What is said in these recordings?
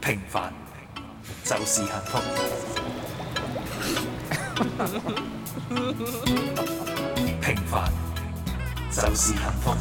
平凡就是幸福。 平凡就是幸福。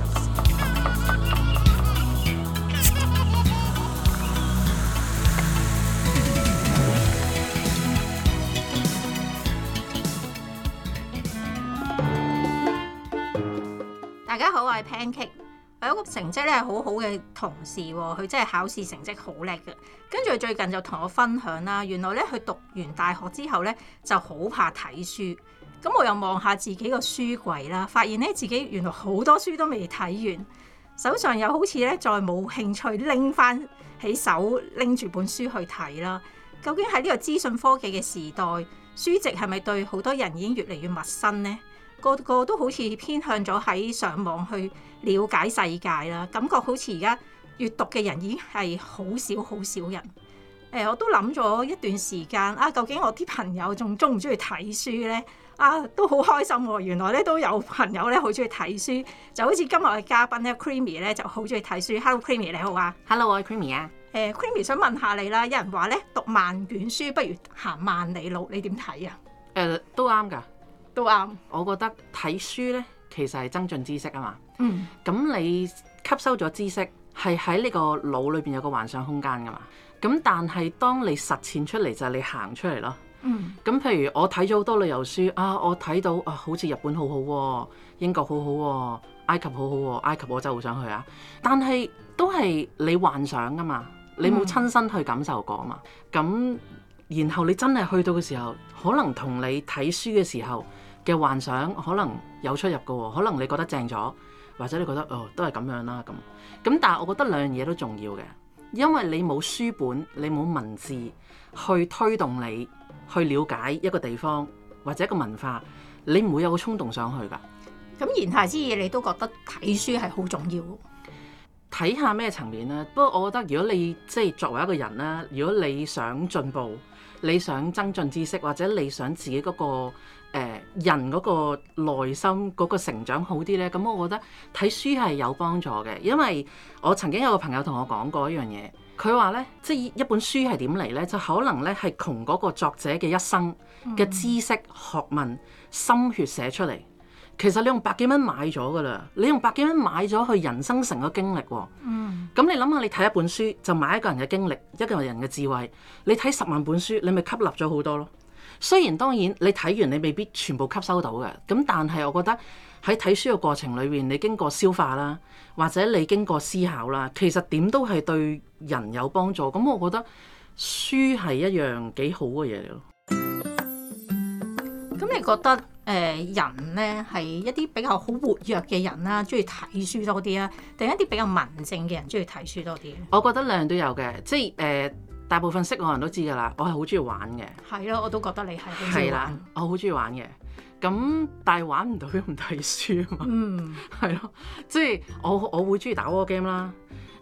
大家好，我係 Pancake。有一個成績咧好好嘅同事，哦，佢真係考試成績好叻嘅。跟住最近就同我分享啦，原來咧佢讀完大學之後咧就好怕睇書。咁我又望下自己個書櫃啦，發現咧自己原來好多書都未睇完，手上又好似咧再冇興趣拎翻起手拎住本書去睇啦。究竟喺呢個資訊科技嘅時代，書籍係咪對好多人已經越嚟越陌生咧？個個都好似偏向咗喺上網去了解世界啦，感覺好似而家閱讀嘅人已經係好少好少人。誒、欸，我都諗咗一段時間啊，究竟我啲朋友仲中唔中意睇書咧？啊，都好開心喎、啊！原來咧都有朋友咧好中意睇書，就好似今日嘅嘉賓咧，Creamy 咧就好中意睇書。Hello，Creamy 你好啊！Hello，我係 Creamy 啊！誒，Creamy、欸、Creamy 想問下你啦，有人話咧讀萬卷書不如行萬里路，你點睇啊？誒、uh，都啱㗎。都啱，我覺得睇書呢，其實係增進知識啊嘛。嗯，咁你吸收咗知識，係喺你個腦裏邊有個幻想空間噶嘛。咁但係當你實踐出嚟就係、是、你行出嚟咯。嗯，咁譬如我睇咗好多旅遊書啊，我睇到啊，好似日本好好、啊，英國好好、啊，埃及好好、啊，埃及我真係好想去啊。但係都係你幻想噶嘛，你冇親身去感受過嘛。咁、嗯、然後你真係去到嘅時候，可能同你睇書嘅時候嘅幻想可能有出入㗎喎，可能你覺得正咗，或者你覺得哦都係咁樣啦。咁咁，但係我覺得兩樣嘢都重要嘅，因為你冇書本，你冇文字去推動你去了解一個地方或者一個文化，你唔會有個衝動想去㗎。咁言下之意，你都覺得睇書係好重要，睇下咩層面咧？不過我覺得，如果你即係作為一個人啦，如果你想進步，你想增進知識，或者你想自己嗰個。誒人嗰個內心嗰個成長好啲呢。咁我覺得睇書係有幫助嘅，因為我曾經有個朋友同我講過一樣嘢，佢話呢，即係一本書係點嚟呢？就可能呢係窮嗰個作者嘅一生嘅知識、學問、心血寫出嚟，其實你用百幾蚊買咗㗎喇，你用百幾蚊買咗佢人生成個經歷喎，咁你諗下，你睇一本書就買一個人嘅經歷，一個人嘅智慧，你睇十萬本書，你咪吸納咗好多囉。雖然當然你睇完你未必全部吸收到嘅，咁但係我覺得喺睇書嘅過程裏面，你經過消化啦，或者你經過思考啦，其實點都係對人有幫助。咁我覺得書係一樣幾好嘅嘢咯。咁你覺得誒、呃、人呢係一啲比較好活躍嘅人啦、啊，中意睇書多啲啊，定一啲比較文靜嘅人中意睇書多啲？我覺得兩樣都有嘅，即係誒。呃大部分識我人都知㗎啦，我係好中意玩嘅。係咯，我都覺得你係。係、嗯、 啦，我好中意玩嘅。咁但係玩唔到都唔睇書啊嘛。嗯。係咯，即係我我會中意打 war game 啦。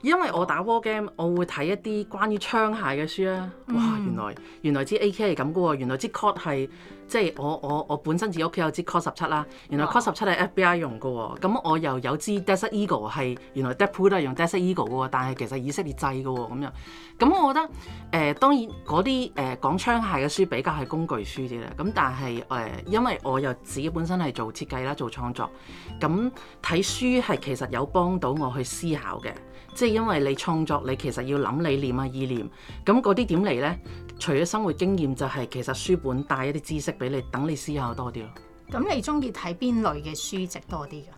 因為我打 war game，我會睇一啲關於槍械嘅書啊！哇，原來原來支 AK 係咁噶喎，原來支、哦、Colt 係即係我我我本身自己屋企有支 Colt 十七啦，原來 Colt 十七係 FBI 用噶喎、哦。咁我又有支 Desert Eagle 係原來 Deadpool 都係用 Desert Eagle 噶喎、哦，但係其實以色列製噶喎咁樣。咁我覺得誒、呃、當然嗰啲誒講槍械嘅書比較係工具書啲啦。咁但係誒、呃、因為我又自己本身係做設計啦，做創作，咁睇書係其實有幫到我去思考嘅。即係因為你創作，你其實要諗理念啊、意念，咁嗰啲點嚟呢？除咗生活經驗，就係、是、其實書本帶一啲知識俾你，等你思考多啲咯。咁你中意睇邊類嘅書籍多啲噶？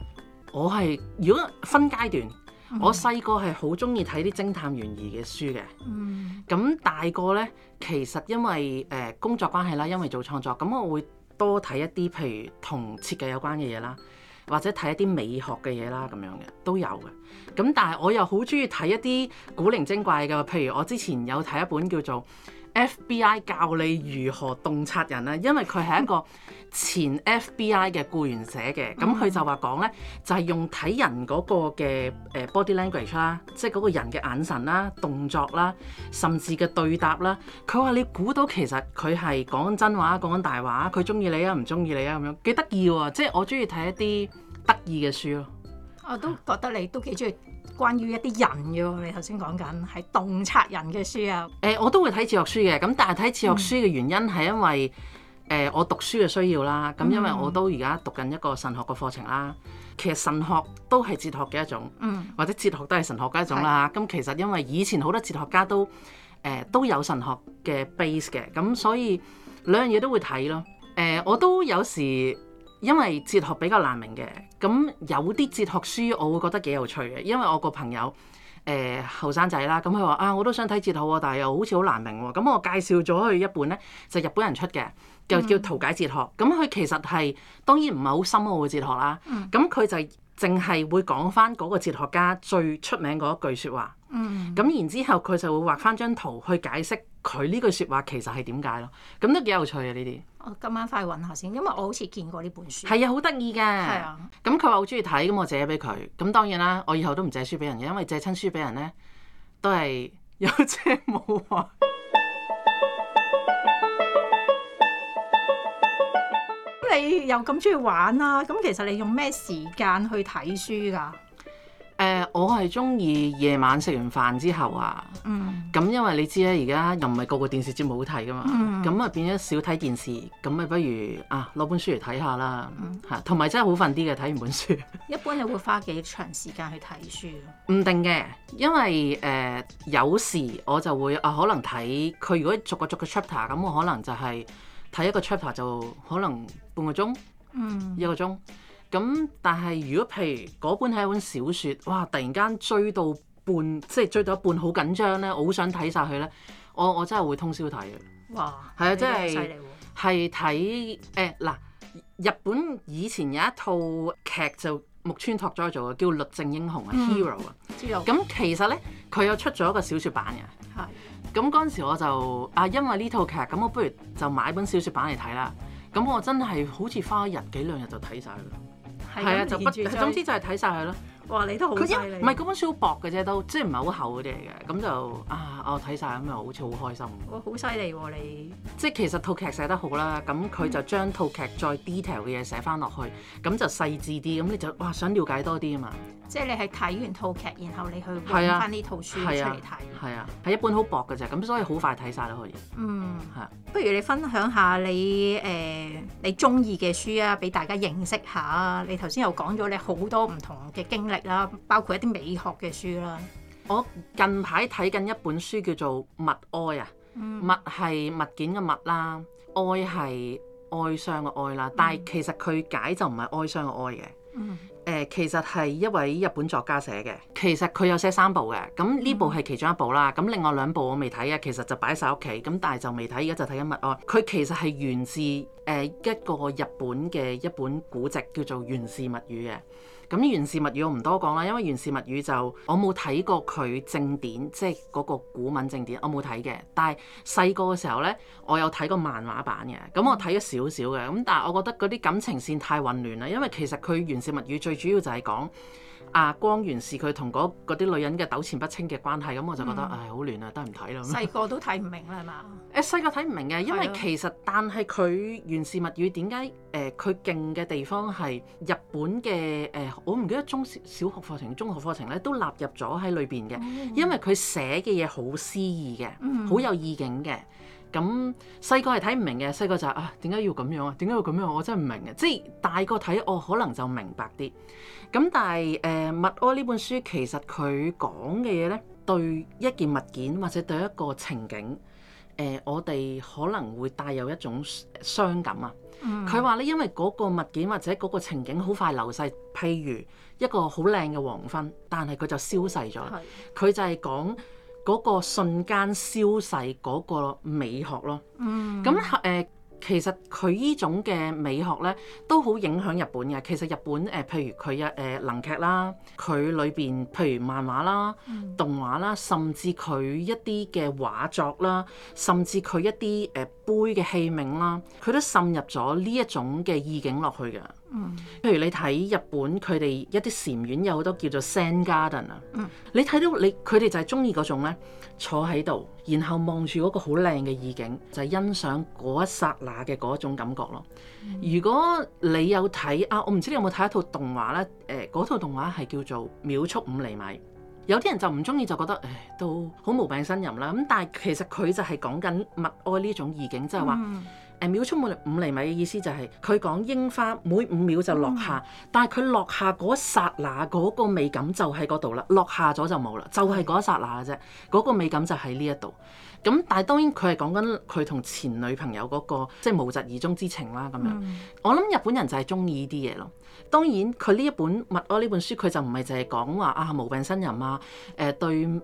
我係如果分階段，Okay. 我細個係好中意睇啲偵探懸疑嘅書嘅。咁、嗯、大個呢，其實因為誒工作關係啦，因為做創作，咁我會多睇一啲譬如同設計有關嘅嘢啦。或者睇一啲美學嘅嘢啦，咁樣嘅都有嘅。咁但係我又好中意睇一啲古靈精怪嘅，譬如我之前有睇一本叫做。FBI 教你如何洞察人咧，因為佢係一個前 FBI 嘅僱員寫嘅，咁佢就話講咧，就係、是、用睇人嗰個嘅誒 body language 啦，即係嗰個人嘅眼神啦、動作啦，甚至嘅對答啦。佢話你估到其實佢係講真話、講緊大話，佢中意你啊，唔中意你啊咁樣幾得意喎！即係、就是、我中意睇一啲得意嘅書咯。我都覺得你都幾中意。關於一啲人嘅，你頭先講緊係洞察人嘅書啊？誒、欸，我都會睇哲學書嘅，咁但係睇哲學書嘅原因係因為誒、呃、我讀書嘅需要啦。咁因為我都而家讀緊一個神學嘅課程啦，其實神學都係哲學嘅一種，或者哲學都係神學嘅一種啦。咁的其實因為以前好多哲學家都誒、呃、都有神學嘅 base 嘅，咁所以兩樣嘢都會睇咯。誒、呃，我都有時。因為哲學比較難明嘅，咁有啲哲學書我會覺得幾有趣嘅，因為我個朋友誒後生仔啦，咁佢話啊，我都想睇哲學喎，但係又好似好難明喎，咁我介紹咗佢一本咧，就日本人出嘅，又叫圖解哲學，咁佢其實係當然唔係好深奧嘅哲學啦，咁佢就淨係會講翻嗰個哲學家最出名嗰一句説話，咁然之後佢就會畫翻張圖去解釋佢呢句説話其實係點解咯，咁都幾有趣嘅呢啲。我今晚快去揾下先，因為我好似見過呢本書。係啊，好得意㗎。係啊的。咁佢話好中意睇，咁我借俾佢。咁當然啦，我以後都唔借書俾人嘅，因為借親書俾人咧，都係有借冇還。咁 你又咁中意玩啦、啊？咁其實你用咩時間去睇書㗎？誒，uh, 我係中意夜晚食完飯之後啊，咁、嗯、因為你知咧，而家又唔係個個電視節目好睇噶嘛，咁啊、嗯、變咗少睇電視，咁咪不如啊攞本書嚟睇下啦，嚇、嗯，同埋真係好瞓啲嘅睇完本書。一般你會花幾長時間去睇書？唔 定嘅，因為誒、呃、有時我就會啊，可能睇佢如果逐個逐個 chapter，咁我可能就係睇一個 chapter 就可能半個鐘，嗯、一個鐘。咁，但係如果譬如嗰本係一本小説，哇！突然間追到半，即係追到一半，好緊張咧，我好想睇晒佢咧。我我，我真係會通宵睇嘅，哇！係啊是，真係係睇誒嗱。日本以前有一套劇就木村拓哉做嘅，叫《律政英雄》啊，嗯《Hero》啊。知道咁其實咧，佢又出咗一個小説版嘅。係咁嗰陣時，我就啊，因為呢套劇咁，我不如就買本小説版嚟睇啦。咁的我真係好似花咗日幾兩日就睇晒佢。係啊，就不，總之就係睇晒佢咯。哇，你都好犀利！唔係嗰本書好薄嘅啫，都即係唔係好厚嗰啲嚟嘅。咁就啊，我睇晒，咁又好似好開心。哇，好犀利喎你！即係其實套劇寫得好啦，咁、嗯、佢就將套劇再 detail 嘅嘢寫翻落去，咁就細緻啲，咁你就哇想了解多啲啊嘛。即係你係睇完套劇，然後你去揾翻呢套書出嚟睇。係啊，係一本好薄嘅咋，咁所以好快睇晒都可以。嗯，係啊是。不如你分享下你誒、呃、你中意嘅書啊，俾大家認識下。你頭先又講咗你好多唔同嘅經歷啦，包括一啲美學嘅書啦。我近排睇緊一本書叫做《物哀》啊。嗯、物係物件嘅物啦，哀係哀傷嘅哀啦，但係其實佢解就唔係哀傷嘅哀嘅。嗯。誒其實係一位日本作家寫嘅，其實佢有寫三部嘅，咁呢部係其中一部啦，咁另外兩部我未睇呀，其實就擺晒屋企，咁但係就未睇，而家就睇緊物哀。佢其實係源自誒一個日本嘅一本古籍叫做《源氏物語》嘅。咁源氏物語我唔多講啦，因為源氏物語就我冇睇過佢正典，即係嗰個古文正典，我冇睇嘅。但係細個嘅時候咧，我有睇過漫畫版嘅，咁我睇咗少少嘅。咁但係我覺得嗰啲感情線太混亂啦，因為其實佢源氏物語最主要就係講阿、啊、光源氏佢同嗰啲女人嘅糾纏不清嘅關係。咁我就覺得唉、嗯哎，好亂啊，得唔睇啦。細個都睇唔明啦，係嘛？誒細個睇唔明嘅，因為其實的但係佢源氏物語點解誒佢勁嘅地方係日本嘅誒？呃呃呃我唔記得中小小學課程、中學課程咧都納入咗喺裏邊嘅，因為佢寫嘅嘢好詩意嘅，好、mm hmm. 有意境嘅。咁細個係睇唔明嘅，細個就啊點解要咁樣啊？點解要咁樣、啊？我真係唔明嘅。即係大個睇，我可能就明白啲。咁但係誒，呃《物哀》呢本書其實佢講嘅嘢咧，對一件物件或者對一個情景。誒、呃，我哋可能會帶有一種傷感啊！佢話咧，因為嗰個物件或者嗰個情景好快流逝，譬如一個好靚嘅黃昏，但係佢就消逝咗。佢、嗯、就係講嗰個瞬間消逝嗰個美學咯。咁誒、嗯。其實佢依種嘅美學咧，都好影響日本嘅。其實日本誒、呃，譬如佢有誒能劇啦，佢裏邊譬如漫畫啦、動畫啦，甚至佢一啲嘅畫作啦，甚至佢一啲誒、呃、杯嘅器皿啦，佢都滲入咗呢一種嘅意境落去嘅。譬、嗯、如你睇日本佢哋一啲禪院有好多叫做 Sand Garden 啊、嗯，你睇到你佢哋就係中意嗰種咧，坐喺度然後望住嗰個好靚嘅意境，就是、欣賞嗰一剎那嘅嗰一種感覺咯。如果你有睇啊，我唔知你有冇睇一套動畫咧，誒、呃，嗰套動畫係叫做《秒速五厘米》，有啲人就唔中意，就覺得誒都好無病呻吟啦。咁但係其實佢就係講緊物哀呢種意境，即係話。嗯誒秒出每五厘米嘅意思就係佢講櫻花每五秒就落下，嗯、但係佢落下嗰一剎那嗰個美感就喺嗰度啦，落下咗就冇啦，嗯、就係嗰一剎那嘅啫，嗰、那個美感就喺呢一度。咁但係當然佢係講緊佢同前女朋友嗰、那個即係、就是、無疾而終之情啦咁樣。嗯、我諗日本人就係中意啲嘢咯。當然佢呢一本物哦，《呢本書佢就唔係就係講話啊，無病呻吟啊誒、呃、對誒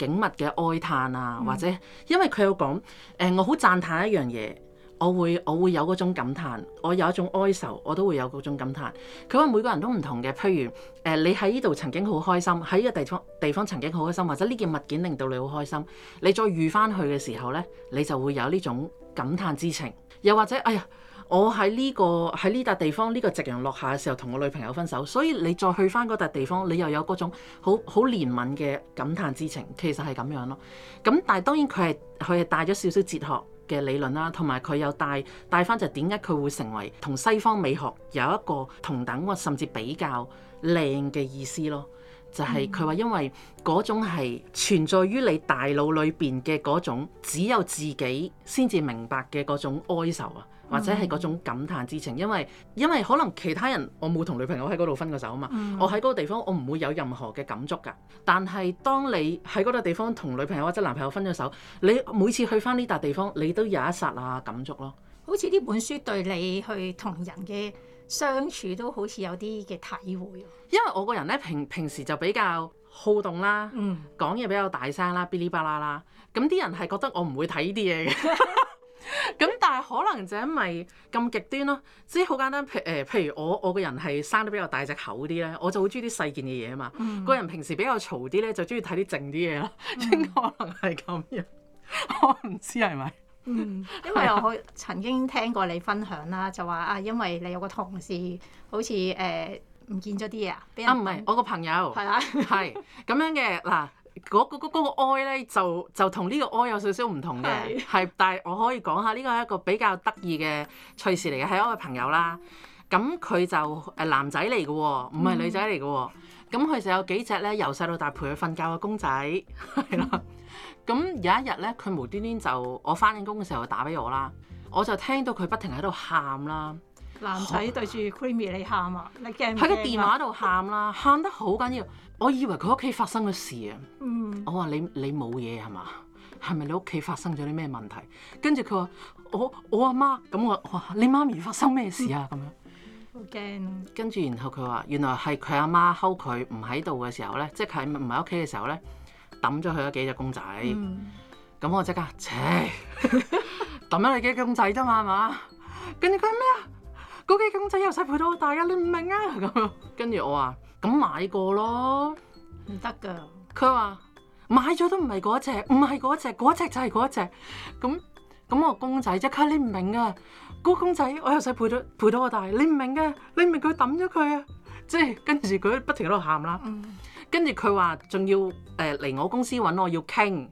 景物嘅哀嘆啊、嗯、或者因為佢有講誒、呃、我好讚歎一樣嘢。我會我會有嗰種感嘆，我有一種哀愁，我都會有嗰種感嘆。佢話每個人都唔同嘅，譬如誒、呃，你喺呢度曾經好開心，喺呢個地方地方曾經好開心，或者呢件物件令到你好開心，你再遇翻去嘅時候呢，你就會有呢種感嘆之情。又或者，哎呀，我喺呢、這個喺呢笪地方呢、這個夕陽落下嘅時候同我女朋友分手，所以你再去翻嗰笪地方，你又有嗰種好好憐憫嘅感嘆之情。其實係咁樣咯。咁但係當然佢係佢係帶咗少少哲學。嘅理論啦，同埋佢有又帶帶翻就點解佢會成為同西方美學有一個同等或甚至比較靚嘅意思咯？就係佢話因為嗰種係存在於你大腦裏邊嘅嗰種，只有自己先至明白嘅嗰種哀愁啊！或者係嗰種感嘆之情，因為因為可能其他人我冇同女朋友喺嗰度分過手啊嘛，我喺嗰個地方我唔會有任何嘅感觸㗎。但係當你喺嗰個地方同女朋友或者男朋友分咗手，你每次去翻呢笪地方，你都有一剎那感觸咯。好似呢本書對你去同人嘅相處都好似有啲嘅體會。因為我個人咧，平平時就比較好動啦，講嘢比較大聲啦 bilibala 啦，咁啲人係覺得我唔會睇呢啲嘢嘅。咁 但係可能就因為咁極端咯，即係好簡單，譬誒、呃、譬如我我個人係生得比較大隻口啲咧，我就好中意啲細件嘅嘢啊嘛。嗯、個人平時比較嘈啲咧，就中意睇啲靜啲嘢咯。應該可能係咁樣， 我唔知係咪。嗯，因為我曾經聽過你分享啦，就話啊，因為你有個同事好似誒唔見咗啲嘢啊。啊唔係，我個朋友係是啊，係 咁樣嘅嗱。嗰個嗰哀咧就就同呢個哀有少少唔同嘅，係是但係我可以講下呢個係一個比較得意嘅趣事嚟嘅，係我嘅朋友啦。咁佢就誒、呃、男仔嚟嘅喎，唔係女仔嚟嘅喎。咁佢、嗯、就有幾隻咧，由細到大陪佢瞓覺嘅公仔，係啦。咁、嗯、有一日咧，佢無端端就我翻緊工嘅時候打俾我啦，我就聽到佢不停喺度喊啦。男仔對住 Creamy 你喊啊！喺個啦電話度喊啦，喊得好緊要。我以為佢屋企發生嘅事啊，嗯、我話你你冇嘢係嘛？係咪你屋企發生咗啲咩問題？跟住佢話我我阿媽，咁我哇，你媽咪發生咩事啊？咁樣好驚。跟住然後佢話原來係佢阿媽溝佢唔喺度嘅時候咧，即係佢唔喺屋企嘅時候咧，抌咗佢嗰幾隻公仔。咁、嗯、我即刻切抌咗你幾隻公仔啫嘛，係嘛？ 跟住佢話咩啊？嗰幾公仔由細陪到我大㗎，你唔明啊？咁跟住我話。咁買過咯，唔得㗎。佢話買咗都唔係嗰隻，唔係嗰隻，嗰隻就係嗰隻。咁咁我公仔即刻你唔明啊？嗰、那個、公仔我又使陪到陪到我大，你唔明嘅，你唔明佢抌咗佢啊？即係跟住佢不停喺度喊啦。跟住佢話仲要誒嚟我公司揾我要傾，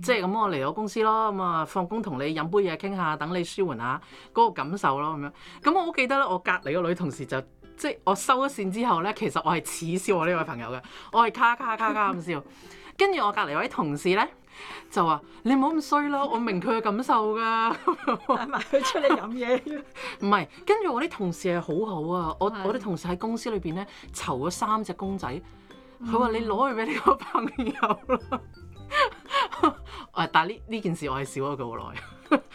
即係咁我嚟我公司咯。咁啊放工同你飲杯嘢傾下，等你舒緩下嗰個感受咯咁樣。咁我好記得咧，我隔離個女同事就。即係我收咗線之後咧，其實我係恥笑我呢位朋友嘅，我係咔咔咔咔咁笑。 跟住我隔離位同事咧就話：你唔好咁衰咯，我明佢嘅感受噶。 帶埋佢出嚟飲嘢。唔係， 跟住我啲同事係好好啊！ 我我啲同事喺公司裏邊咧籌咗三隻公仔，佢話、嗯、你攞去俾你個朋友啦。誒， 但係呢呢件事我係笑咗佢好耐，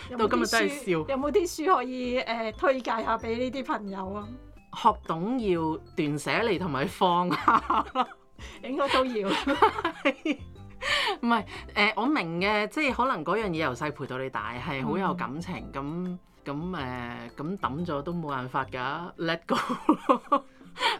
到今日真係笑。有冇啲書,書可以誒推介下俾呢啲朋友啊？學懂要斷捨離同埋放下咯，應該都要。唔係誒，我明嘅，即係可能嗰樣嘢由細陪到你大，係好有感情。咁咁誒，咁抌咗都冇辦法㗎，let go。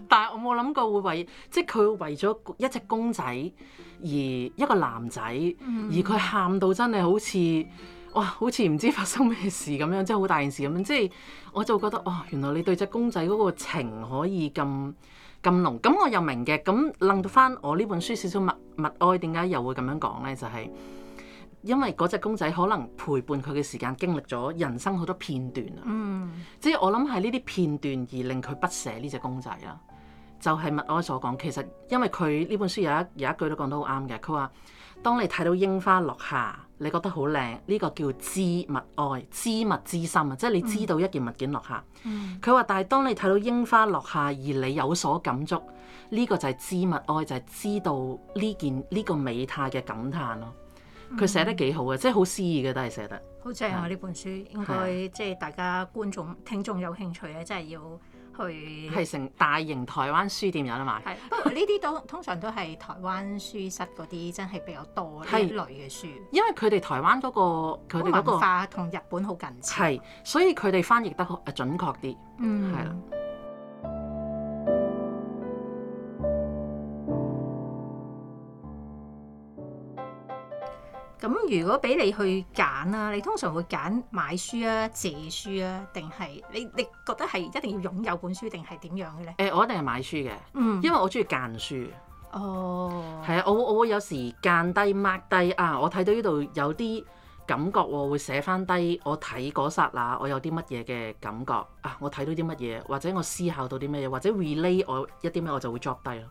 但係我冇諗過會為，即係佢為咗一隻公仔而一個男仔，而佢喊到真係好似～哇、哦，好似唔知發生咩事咁樣，即係好大件事咁樣，即係我就覺得哇、哦，原來你對隻公仔嗰個情可以咁咁濃，咁我又明嘅。咁令到翻我呢本書少少物物哀，點解又會咁樣講呢？就係、是、因為嗰隻公仔可能陪伴佢嘅時間經歷咗人生好多片段啊。嗯，即係我諗係呢啲片段而令佢不捨呢隻公仔啦。就係物哀所講，其實因為佢呢本書有一有一句都講得好啱嘅，佢話。當你睇到櫻花落下，你覺得好靚，呢個叫知物哀，知物之心啊，即係你知道一件物件落下。佢話，嗯，但係當你睇到櫻花落下而你有所感觸，呢個就係知物哀，就係知道呢件呢個美態嘅感嘆咯。佢寫得幾好嘅，即係好詩意嘅都係寫得。好正啊！呢本書應該即係大家觀眾聽眾有興趣嘅，真係要。佢係成大型台灣書店有得賣，係，不過呢啲都通常都係台灣書室嗰啲真係比較多呢類嘅書，因為佢哋台灣嗰個佢哋嗰個文化同日本好近似，係所以佢哋翻譯得好誒準確啲，嗯、係啦。咁如果俾你去揀啊，你通常會揀買書啊、借書啊，定係你你覺得係一定要擁有本書定係點樣咧？誒、欸，我一定係買書嘅，嗯、因為我中意揀書。哦，係啊，我我會有時間低 mark 低啊，我睇到呢度有啲感覺喎，會寫翻低我睇嗰剎那我有啲乜嘢嘅感覺啊，我睇到啲乜嘢，或者我思考到啲乜嘢，或者 relate 我一啲咩，我就會 drop 低咯。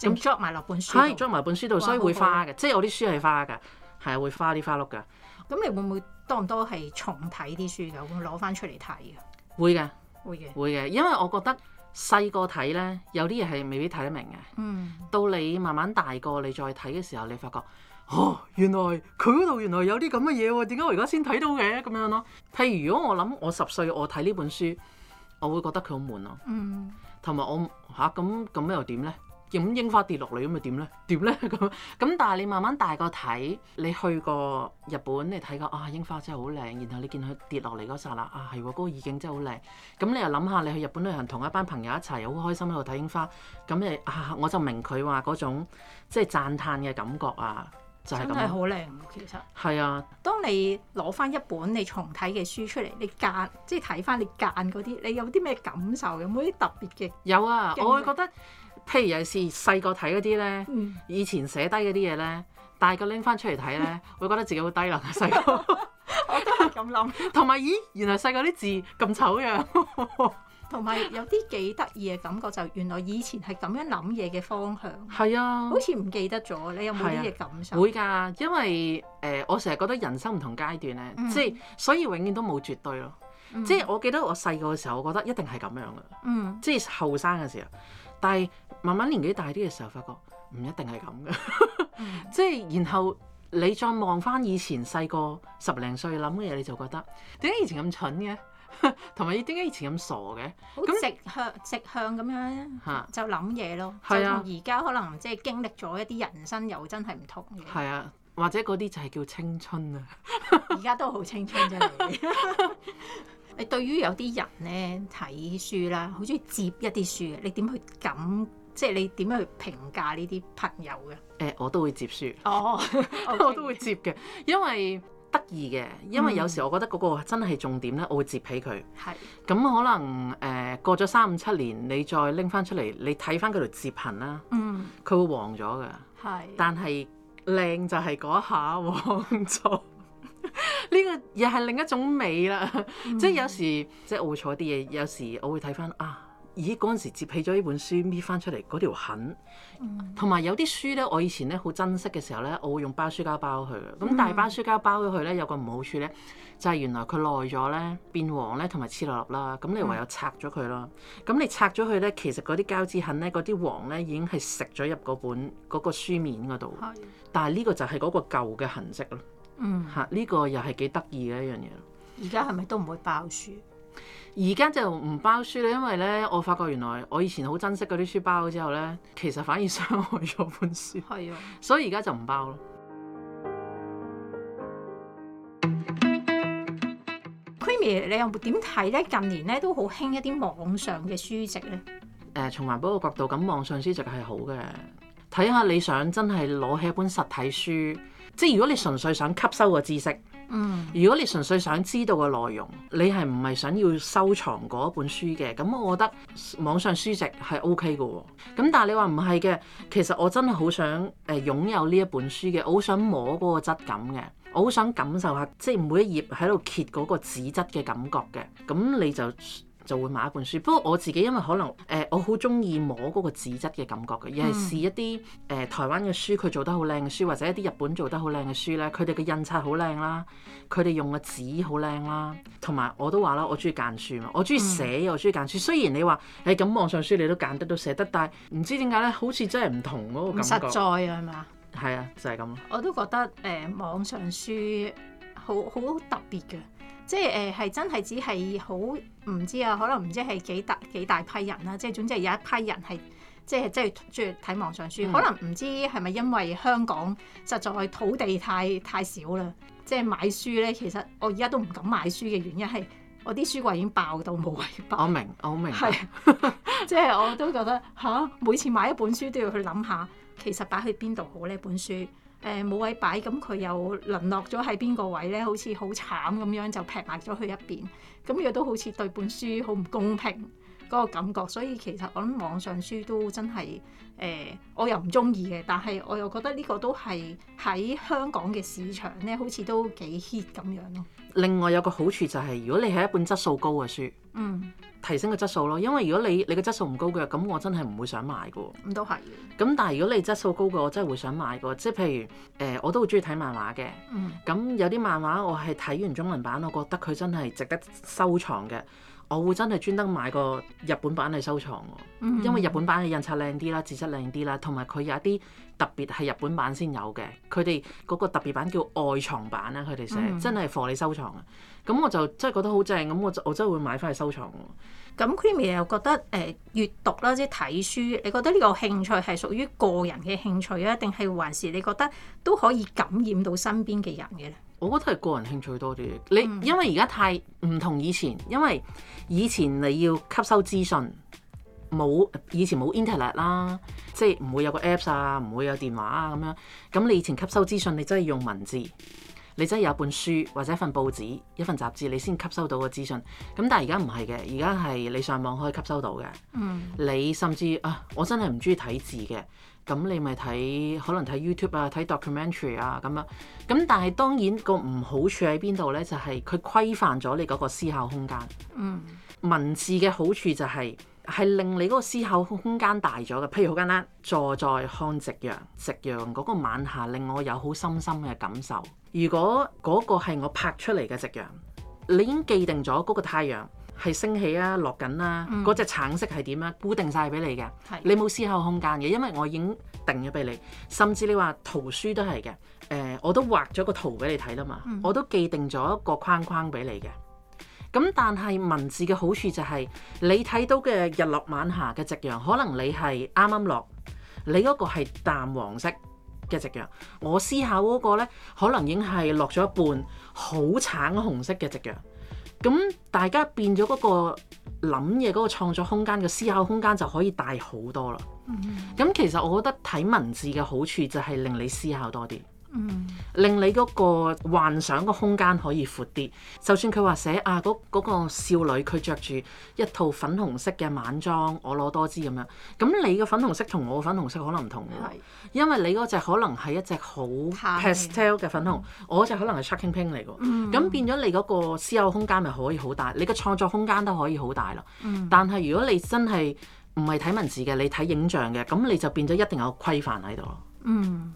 咁 drop 埋落本書，係 drop 埋本書度，哇所以會花嘅，好好好即係我啲書係花㗎。係會花啲花碌㗎，咁你會唔會多唔多係重睇啲書㗎？會唔會攞翻出嚟睇啊？會嘅的，會嘅的，會嘅，因為我覺得細個睇咧，有啲嘢係未必睇得明嘅。嗯。到你慢慢大個，你再睇嘅時候，你發覺，哦，原來佢嗰度原來有啲咁嘅嘢喎，點解我而家先睇到嘅咁樣咯？譬如如果我諗我十歲我睇呢本書，我會覺得佢好悶咯。嗯。同埋我吓，咁、啊、咁又點咧？咁櫻花跌落嚟咁咪點咧？點咧咁咁？ 但係你慢慢大個睇，你去過日本，你睇過啊櫻花真係好靚。然後你見佢跌落嚟嗰剎那，啊係喎，嗰、啊那個意境真係好靚。咁你又諗下，你去日本旅行，同一班朋友一齊，好開心喺度睇櫻花。咁你啊，我就明佢話嗰種即係讚嘆嘅感覺啊，就係、是、咁。真係好靚，其實係啊。當你攞翻一本你重睇嘅書出嚟，你間即係睇翻你間嗰啲，你有啲咩感受？有冇啲特別嘅？有啊，我覺得。譬如有陣時細個睇嗰啲咧，以前寫低嗰啲嘢咧，大個拎翻出嚟睇咧，會覺得自己好低能啊！細個 我都係咁諗，同埋咦，原來細個啲字咁醜樣、啊，同 埋有啲幾得意嘅感覺，就原來以前係咁樣諗嘢嘅方向。係啊，好似唔記得咗。你有冇啲嘢感想、啊？會㗎，因為誒、呃，我成日覺得人生唔同階段咧，即係、嗯就是、所以永遠都冇絕對咯。嗯、即係我記得我細個嘅時候，我覺得一定係咁樣嘅。嗯、即係後生嘅時候，但係。但慢慢年紀大啲嘅時候，發覺唔一定係咁嘅，即 係、就係、然後你再望翻以前細個十零歲諗嘅嘢，你就覺得點解以前咁蠢嘅，同埋點解以前咁傻嘅？咁直向那直向咁樣嚇，啊、就諗嘢咯。就啊，而家可能即係經歷咗一啲人生又真係唔同嘅。係啊，或者嗰啲就係叫青春啊。而 家都好青春啫。 你對於有啲人咧睇書啦，好中意接一啲書，你點去感？即係你點樣去評價呢啲朋友嘅？誒、欸，我都會摺書。哦，oh, okay. 我都會摺嘅，因為得意嘅。 因為有時我覺得嗰個真係重點咧，我會摺起佢。係是。咁可能誒、呃、過咗三五七年，你再拎翻出嚟，你睇翻佢條摺痕啦。嗯。佢 會黃咗㗎。係是。但係靚就係嗰下黃咗。呢 個又係另一種美啦。 即係有時，即係我會錯啲嘢，有時我會睇翻啊。咦，嗰陣時摺起咗呢本書，搣翻出嚟嗰條痕，同埋、嗯、有啲書咧，我以前咧好珍惜嘅時候咧，我會用包書膠包佢嘅。咁大包書膠包咗佢咧，有個唔好處咧，就係、是、原來佢耐咗咧變黃咧，同埋黐落粒啦。咁你唯有拆咗佢啦。咁、嗯、你拆咗佢咧，其實嗰啲膠紙痕咧，嗰啲黃咧已經係食咗入嗰本嗰、嗰個書面嗰度。嗯、但係呢個就係嗰個舊嘅痕跡咯。嗯。呢、啊呢個又係幾得意嘅一樣嘢。而家係咪都唔會爆書？而家就唔包書咧，因為咧，我發覺原來我以前好珍惜嗰啲書包之後咧，其實反而傷害咗本書。係啊，所以而家就唔包咯。Creamy，你有冇點睇咧？近年咧都好興一啲網上嘅書籍咧。誒、呃，從環保嘅角度咁，網上書籍係好嘅。睇下你想真係攞起一本實體書，即係如果你純粹想吸收個知識。嗯，如果你純粹想知道個內容，你係唔係想要收藏嗰本書嘅？咁我覺得網上書籍係 OK 嘅喎、哦。咁但係你話唔係嘅，其實我真係好想誒擁有呢一本書嘅，我好想摸嗰個質感嘅，我好想感受下即係每一頁喺度揭嗰個紙質嘅感覺嘅。咁你就。就會買一本書，不過我自己因為可能誒、呃，我好中意摸嗰個紙質嘅感覺嘅，而係試一啲誒、呃、台灣嘅書，佢做得好靚嘅書，或者一啲日本做得好靚嘅書咧，佢哋嘅印刷好靚啦，佢哋用嘅紙好靚啦，同埋我都話啦，我中意揀書嘛，我中意寫，嗯、我中意揀書。雖然你話誒咁網上書你都揀得都寫得，但係唔知點解咧，好似真係唔同嗰個感覺。唔實在啊係嘛？係啊，就係咁咯。我都覺得誒、呃、網上書好好，好特別嘅。即係誒，係、呃、真係只係好唔知啊，可能唔知係幾大幾大批人啦、啊，即係總之係有一批人係即係即係鍾意睇網上書，嗯、可能唔知係咪因為香港實在土地太太少啦，即係買書咧，其實我而家都唔敢買書嘅原因係我啲書櫃已經爆到冇位。我明，我明，係是 即係我都覺得吓，每次買一本書都要去諗下，其實擺去邊度好咧？本書。誒冇、呃、位擺，咁佢又淪落咗喺邊個位咧？好似好慘咁樣，就劈埋咗去一邊。咁呢都好似對本書好唔公平。嗰個感覺，所以其實我諗網上書都真係誒、呃，我又唔中意嘅，但係我又覺得呢個都係喺香港嘅市場咧，好似都幾 hit 咁樣咯。另外有個好處就係、是，如果你係一本質素高嘅書，嗯，提升個質素咯。因為如果你你個質素唔高嘅，咁我真係唔會想買嘅喎。咁、嗯、都係。咁但係如果你質素高嘅，我真係會想買嘅。即係譬如誒、呃，我都好中意睇漫畫嘅。嗯。咁有啲漫畫我係睇完中文版，我覺得佢真係值得收藏嘅。我會真係專登買個日本版嚟收藏喎，因為日本版嘅印刷靚啲啦，紙質靚啲啦，同埋佢有一啲特別係日本版先有嘅，佢哋嗰個特別版叫外藏版啦，佢哋寫真係畀你收藏嘅。咁我就真係覺得好正，咁我就我真係會買翻去收藏喎。咁 Creamy 又覺得誒、呃，閱讀啦，即係睇書，你覺得呢個興趣係屬於個人嘅興趣啊，定係還是你覺得都可以感染到身邊嘅人嘅咧？我覺得係個人興趣多啲，你因為而家太唔同以前，因為以前你要吸收資訊，冇以前冇 internet 啦，即係唔會有個 apps 啊，唔會有電話啊咁樣，咁你以前吸收資訊，你真係用文字。你真係有一本書或者一份報紙、一份雜誌，你先吸收到個資訊。咁但係而家唔係嘅，而家係你上網可以吸收到嘅。嗯。你甚至啊，我真係唔中意睇字嘅，咁你咪睇可能睇 YouTube 啊、睇 documentary 啊咁樣。咁但係當然個唔好處喺邊度呢？就係佢規範咗你嗰個思考空間。嗯。文字嘅好處就係。係令你嗰個思考空間大咗嘅，譬如好簡單，坐在看夕陽，夕陽嗰個晚霞令我有好深深嘅感受。如果嗰個係我拍出嚟嘅夕陽，你已經既定咗嗰個太陽係升起啊、落緊啦，嗰隻、嗯、橙色係點啊，固定晒俾你嘅，是你冇思考空間嘅，因為我已經定咗俾你。甚至你話圖書都係嘅，誒、呃，我都畫咗個圖俾你睇啦嘛，嗯、我都既定咗一個框框俾你嘅。咁但係文字嘅好處就係你睇到嘅日落晚霞嘅夕陽，可能你係啱啱落，你嗰個係淡黃色嘅夕陽；我思考嗰個呢，可能已經係落咗一半，好橙紅色嘅夕陽。咁大家變咗嗰個諗嘢嗰個創作空間嘅、嗰個、思考空間就可以大好多啦。咁其實我覺得睇文字嘅好處就係令你思考多啲。嗯、令你嗰個幻想個空間可以闊啲，就算佢話寫啊，嗰、嗰個少女佢着住一套粉紅色嘅晚裝，我攞多支咁樣。咁你嘅粉紅色同我嘅粉紅色可能唔同嘅，是因為你嗰隻可能係一隻好 pastel 嘅粉紅，嗯、我隻可能係 shocking pink 嚟嘅。咁、嗯、變咗你嗰個思考空間咪可以好大，你嘅創作空間都可以好大啦。嗯、但係如果你真係唔係睇文字嘅，你睇影像嘅，咁你就變咗一定有一規範喺度咯。嗯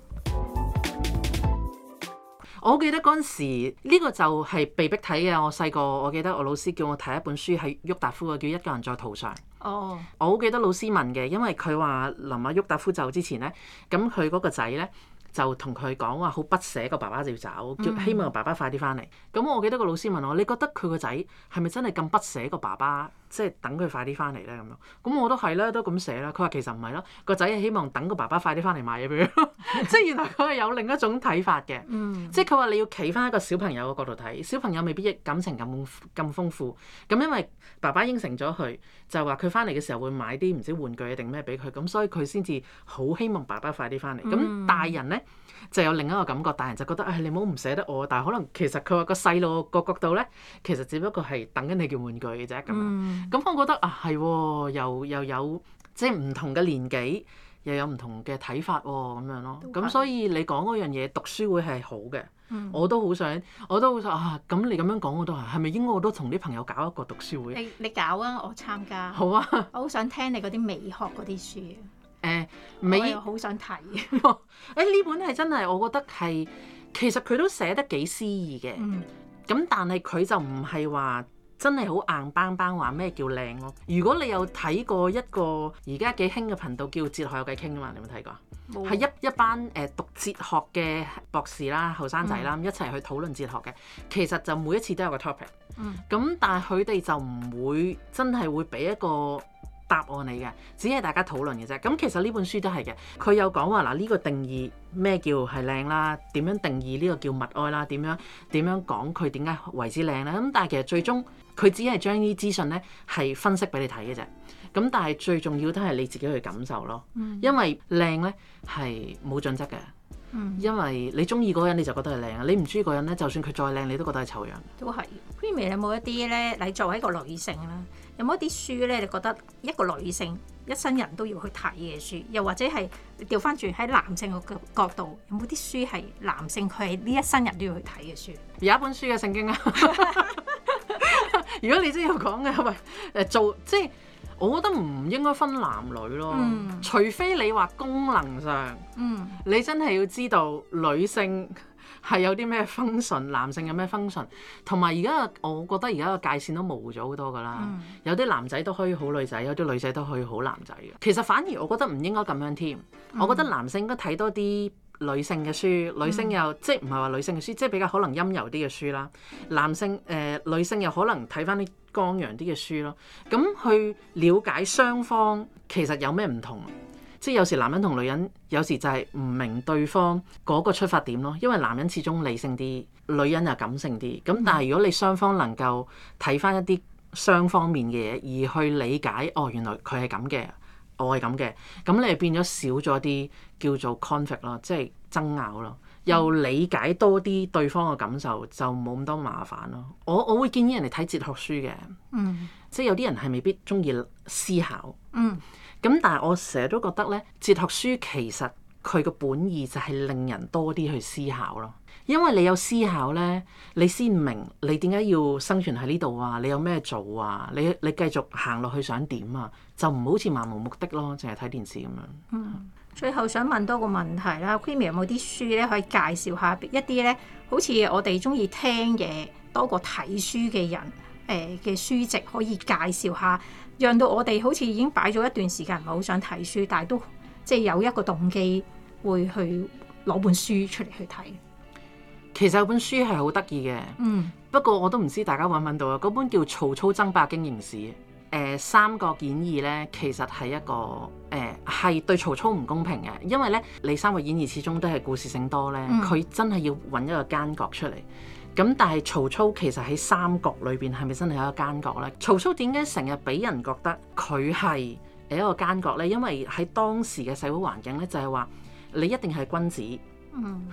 我記得嗰陣時，呢、這個就係被逼睇嘅。我細個，我記得我老師叫我睇一本書係郁達夫嘅，叫《一個人在途上》。哦，oh。我好記得老師問嘅，因為佢話林阿郁達夫就之前咧，咁佢嗰個仔咧。就同佢講話好不捨個爸爸要走，叫希望爸爸快啲翻嚟。咁、嗯、我記得個老師問我：你覺得佢個仔係咪真係咁不捨個爸爸，即係等佢快啲翻嚟咧？咁樣咁我都係啦，都咁寫啦。佢話其實唔係啦，個仔係希望等個爸爸快啲翻嚟買嘢俾佢。即 係原來佢係有另一種睇法嘅。即係佢話你要企翻一個小朋友嘅角度睇，小朋友未必感情咁咁豐富。咁因為爸爸應承咗佢，就話佢翻嚟嘅時候會買啲唔知玩具定咩俾佢，咁所以佢先至好希望爸爸快啲翻嚟。咁、嗯、大人咧？就有另一個感覺，大人就覺得啊、哎，你唔好唔捨得我，但係可能其實佢話個細路個角度咧，其實只不過係等緊你叫玩具嘅啫。咁咁我覺得啊，係又又有即係唔同嘅年紀，又有唔同嘅睇法喎、哦、咁樣咯。咁、嗯、所以你講嗰樣嘢讀書會係好嘅，嗯、我都好想，我都好想啊，咁你咁樣講我都啊，係咪應該我都同啲朋友搞一個讀書會？你，你搞啊，我參加。好啊， 我好想聽你嗰啲美學嗰啲書。誒，欸、我好想睇。誒呢、 欸、本係真係，我覺得係其實佢都寫得幾詩意嘅。咁、嗯、但係佢就唔係話真係好硬邦邦話咩叫靚咯。如果你有睇過一個而家幾興嘅頻道叫哲學有偈傾啊嘛，你有冇睇過？冇有。係一一班誒讀哲學嘅博士啦、後生仔啦，一齊去討論哲學嘅，其實就每一次都有個 topic。嗯。咁、嗯、但係佢哋就唔會真係會俾一個。答案你嘅，只係大家討論嘅啫。咁其實呢本書都係嘅，佢有講話嗱呢個定義咩叫係靚啦，點樣定義呢個叫物哀啦，點樣點樣講佢點解為之靚咧？咁但係其實最終佢只係將啲資訊咧係分析俾你睇嘅啫。咁但係最重要都係你自己去感受咯，因為靚咧係冇準則嘅。嗯、因為你中意嗰人你就覺得係靚，你唔中意嗰人咧，就算佢再靚，你都覺得係醜人。都係是，Creamy 有冇一啲咧？你作為一個女性啦，有冇一啲書咧？你覺得一個女性一生人都要去睇嘅書，又或者係調翻轉喺男性個角度，有冇啲書係男性佢係呢一生人都要去睇嘅書？有一本書嘅聖經啦， 如果你真係要講嘅，係咪，誒、呃、做即係。就是我覺得唔應該分男女咯，嗯、除非你話功能上，嗯、你真係要知道女性係有啲咩 function，男性有咩 function，同埋而家我覺得而家個界線都模糊咗好多噶啦。嗯、有啲男仔都可以好女仔，有啲女仔都可以好男仔嘅。其實反而我覺得唔應該咁樣添。我覺得男性應該睇多啲女性嘅書，嗯、女性又即係唔係話女性嘅書，即係比較可能陰柔啲嘅書啦。男性誒、呃，女性又可能睇翻啲剛陽啲嘅書咯，咁去了解雙方其實有咩唔同，即係有時男人同女人有時就係唔明對方嗰個出發點咯，因為男人始終理性啲，女人又感性啲，咁但係如果你雙方能夠睇翻一啲雙方面嘅嘢，而去理解哦，原來佢係咁嘅，我係咁嘅，咁你就變咗少咗啲叫做 conflict 咯，即係爭拗咯。又理解多啲對方嘅感受，就冇咁多麻煩咯。我我會建議人哋睇哲學書嘅，嗯、即係有啲人係未必中意思考。咁、嗯、但係我成日都覺得咧，哲學書其實佢個本意就係令人多啲去思考咯。因為你有思考咧，你先明你點解要生存喺呢度啊？你有咩做啊？你你繼續行落去想點啊？就唔好似漫無目的咯，淨係睇電視咁樣。嗯最後想問多個問題啦 Creamy 有冇啲書咧可以介紹一下一啲咧？好似我哋中意聽嘢多過睇書嘅人，誒、呃、嘅書籍可以介紹下，讓到我哋好似已經擺咗一段時間唔係好想睇書，但係都即係有一個動機會去攞本書出嚟去睇。其實有本書係好得意嘅，嗯，不過我都唔知大家揾唔揾到啊，本叫《曹操爭霸經驗史》。誒《三國演義》咧，其實係一個誒，係、呃、對曹操唔公平嘅，因為咧，你《三國演義》始終都係故事性多咧，佢、嗯、真係要揾一個奸角出嚟。咁但係曹操其實喺三國裏邊係咪真係一個奸角咧？曹操點解成日俾人覺得佢係誒一個奸角咧？因為喺當時嘅社會環境咧，就係、是、話你一定係君子，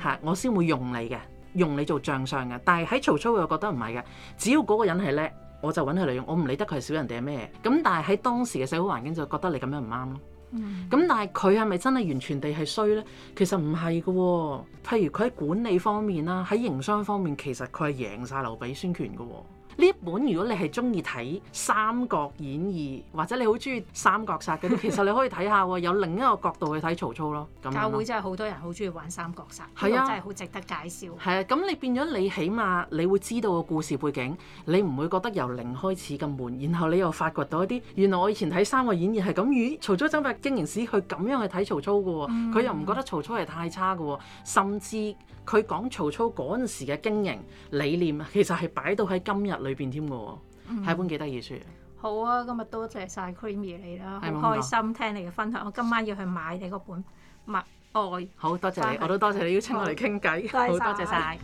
嚇、嗯、我先會用你嘅，用你做將相嘅。但係喺曹操會覺得唔係嘅，只要嗰個人係叻。我就揾佢嚟用，我唔理得佢係小人定係咩，咁但係喺當時嘅社會環境就覺得你咁樣唔啱咯。咁、嗯、但係佢係咪真係完全地係衰呢？其實唔係嘅，譬如佢喺管理方面啦，喺營商方面，其實佢係贏晒劉備、哦、孫權嘅。呢一本如果你係中意睇《三國演義》，或者你好中意《三國殺》嗰啲，其實你可以睇下喎，有另一個角度去睇曹操咯。教會真係好多人好中意玩三角《三國殺》，係啊，真係好值得介紹。係啊，咁你變咗你起碼你會知道個故事背景，你唔會覺得由零開始咁悶，然後你又發掘到一啲原來我以前睇《三國演義》係咁，咦？《曹操爭霸經營史》佢咁樣去睇曹操嘅喎，佢又唔覺得曹操係太差嘅喎，甚至。佢講曹操嗰陣時嘅經營理念，其實係擺到喺今日裏邊添嘅喎，係、嗯、一本幾得意書。好啊，今日多謝晒 Creamy 你啦，好嗎開心聽你嘅分享。我今晚要去買你個本《物、哎、外》好，好多謝你，是我都多謝你邀請我嚟傾偈，好多謝晒。